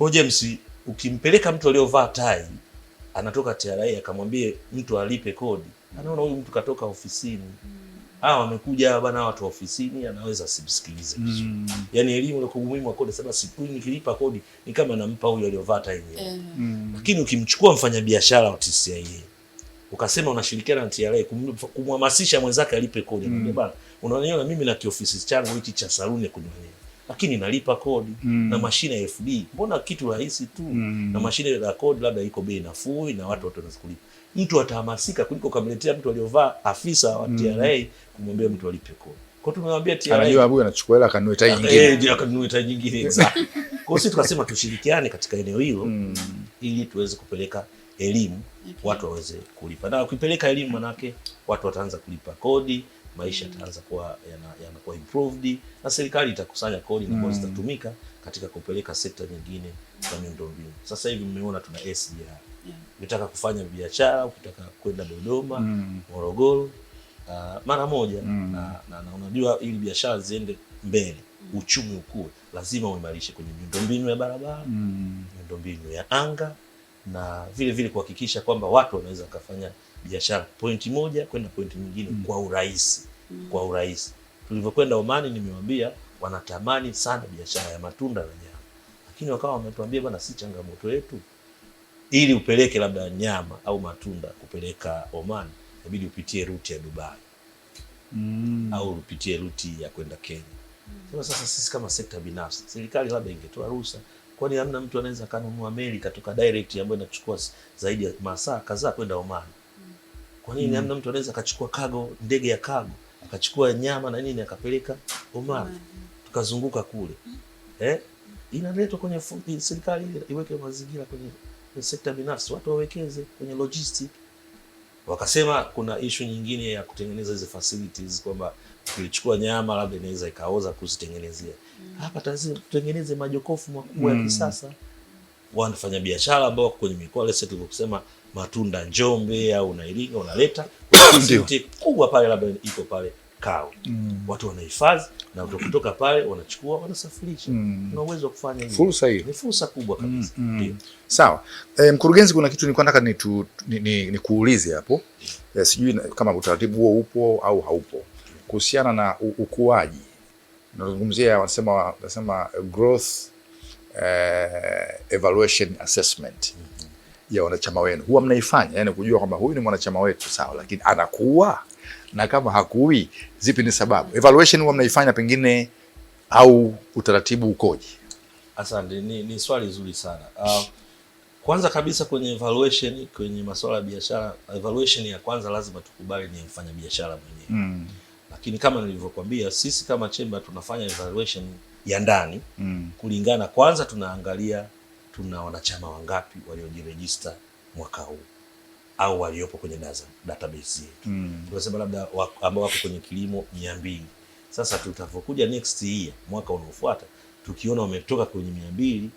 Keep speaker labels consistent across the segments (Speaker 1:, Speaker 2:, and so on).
Speaker 1: Kwa James ukimpeleka mtu aliyovaa tai anatoka TRA akamwambie mtu alipe kodi, anaona huyu mtu katoka ofisini. Mm. Hawa wamekuja bana watu ofisini, anaweza simsikilize vizuri. Mm. Yaani elimu na umuhimu wa kodi sababu siku nikilipa kodi ni kama nampa huyu aliyovaa tai yeye. Eh. Mm. Lakini ukimchukua mfanyabiashara wa TCCIA ukasema unashirikiana na TRA kumhamasisha mwenzake alipe kodi, mm. Bwana, unaona mimi na kiofisi changu hichi cha saluni kunyonyea lakini nalipa kodi mm. na mashine ya FD, mbona kitu rahisi tu mm. na mashine ya kodi labda iko bei nafuu na watu wote wanakulipa. Mtu atahamasika kuliko kamletea mtu aliyovaa afisa wa TRA mm. kumwambia mtu alipe kodi. Kwa tunamwambia TRA
Speaker 2: anajua huyu anachukua hela kanunue tai nyingine.
Speaker 1: Eh, ndio kanunue tai nyingine exactly. Kwa sisi tukasema tushirikiane katika eneo hilo mm. ili tuweze kupeleka elimu watu waweze kulipa, na ukipeleka elimu manake watu wataanza kulipa kodi maisha yataanza kuwa yanakuwa improved na serikali itakusanya kodi mm. kodi zitatumika katika kupeleka sekta nyingine za miundombinu. Sasa hivi mmeona tuna SGR yeah. Ukitaka kufanya biashara, ukitaka kwenda Dodoma, mm. Morogoro uh, mara moja mm. na, na, na unajua ili biashara ziende mbele uchumi ukue, lazima uimarishe kwenye miundombinu ya barabara mm. miundombinu ya anga na vile vile kuhakikisha kwamba watu wanaweza wakafanya biashara pointi moja kwenda pointi nyingine mm. kwa urahisi mm. kwa urahisi. Tulivyokwenda Omani, nimewambia wanatamani sana biashara ya matunda na nyama, lakini wakawa wametuambia bwana, si changamoto yetu, ili upeleke labda nyama au matunda kupeleka oman inabidi upitie ruti ya Dubai mm. au upitie ruti ya kwenda Kenya mm. Sasa sisi kama sekta binafsi, serikali labda ingetoa ruhusa Kwani hamna mtu anaweza kanunua meli katoka direct ambayo inachukua zaidi ya masaa kadhaa kwenda Oman? Kwa nini mm. hamna mtu anaweza akachukua cargo, ndege ya cargo akachukua nyama na nini akapeleka Oman, tukazunguka kule eh? Inaletwa kwenye serikali, iweke mazingira kwenye sekta binafsi, watu wawekeze kwenye logistics Wakasema kuna ishu nyingine ya kutengeneza hizi facilities kwamba tulichukua nyama labda inaweza ikaoza kuzitengenezea mm. hapa Tanzania, tutengeneze majokofu makubwa ya mm. kisasa Wanafanya biashara ambao wako kwenye mikoa lese, tulivyosema matunda Njombe au Iringa, unaleta kubwa pale, labda iko pale kawe mm. Watu wanahifadhi na kutoka pale wanachukua wanasafirisha mm. na uwezo wa kufanya hiyo fursa hiyo ni fursa kubwa kabisa mm.
Speaker 2: Mm. Sawa e, mkurugenzi, kuna kitu nilikuwa nataka nikuulize ni, ni, ni hapo yeah. E, sijui kama utaratibu huo upo au haupo kuhusiana na ukuaji, nazungumzia wanasema wanasema growth eh, evaluation assessment mm -hmm. ya wanachama wenu huwa mnaifanya, yani kujua kwamba huyu ni mwanachama wetu sawa, lakini anakuwa na kama hakui, zipi ni sababu? Evaluation huwa mnaifanya pengine au utaratibu ukoje?
Speaker 1: Asante, ni, ni swali zuri sana. Uh, kwanza kabisa kwenye evaluation, kwenye masuala ya biashara, evaluation ya kwanza lazima tukubali ni mfanya biashara mwenyewe mm. Lakini kama nilivyokuambia, sisi kama chemba tunafanya evaluation ya ndani mm. Kulingana kwanza, tunaangalia tuna wanachama wangapi waliojirejista mwaka huu au waliopo kwenye database yetu mm. tunasema labda ambao wako kwenye kilimo mia mbili. Sasa tutavyokuja next year, mwaka unaofuata, tukiona wametoka kwenye mia mbili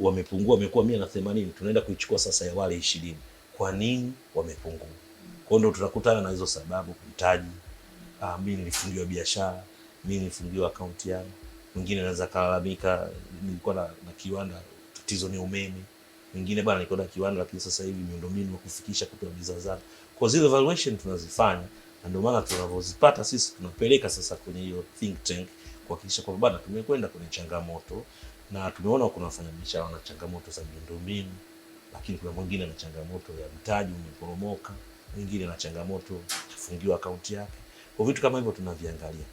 Speaker 1: wamepungua, wamekuwa mia na themanini, tunaenda kuichukua sasa ya wale ishirini. Kwa nini wamepungua? Kwa ndio tutakutana na hizo sababu, mtaji. Ah, mimi nilifungiwa biashara, mimi nilifungiwa akaunti yangu. Mwingine anaweza kalalamika, nilikuwa na, na kiwanda, tatizo ni umeme wengine bwana, niko na kiwanda lakini sasa hivi miundombinu ya kufikisha kutoa bidhaa zangu. Kwa zile valuation tunazifanya, na ndio maana tunavyozipata sisi tunapeleka sasa kwenye hiyo think tank kuhakikisha kwamba bwana, tumekwenda kwenye changamoto na tumeona kuna wafanyabiashara wana changamoto za miundombinu, lakini kuna mwingine ana changamoto ya mtaji umeporomoka, mwingine ana changamoto kufungiwa akaunti yake. Kwa vitu kama hivyo tunaviangalia.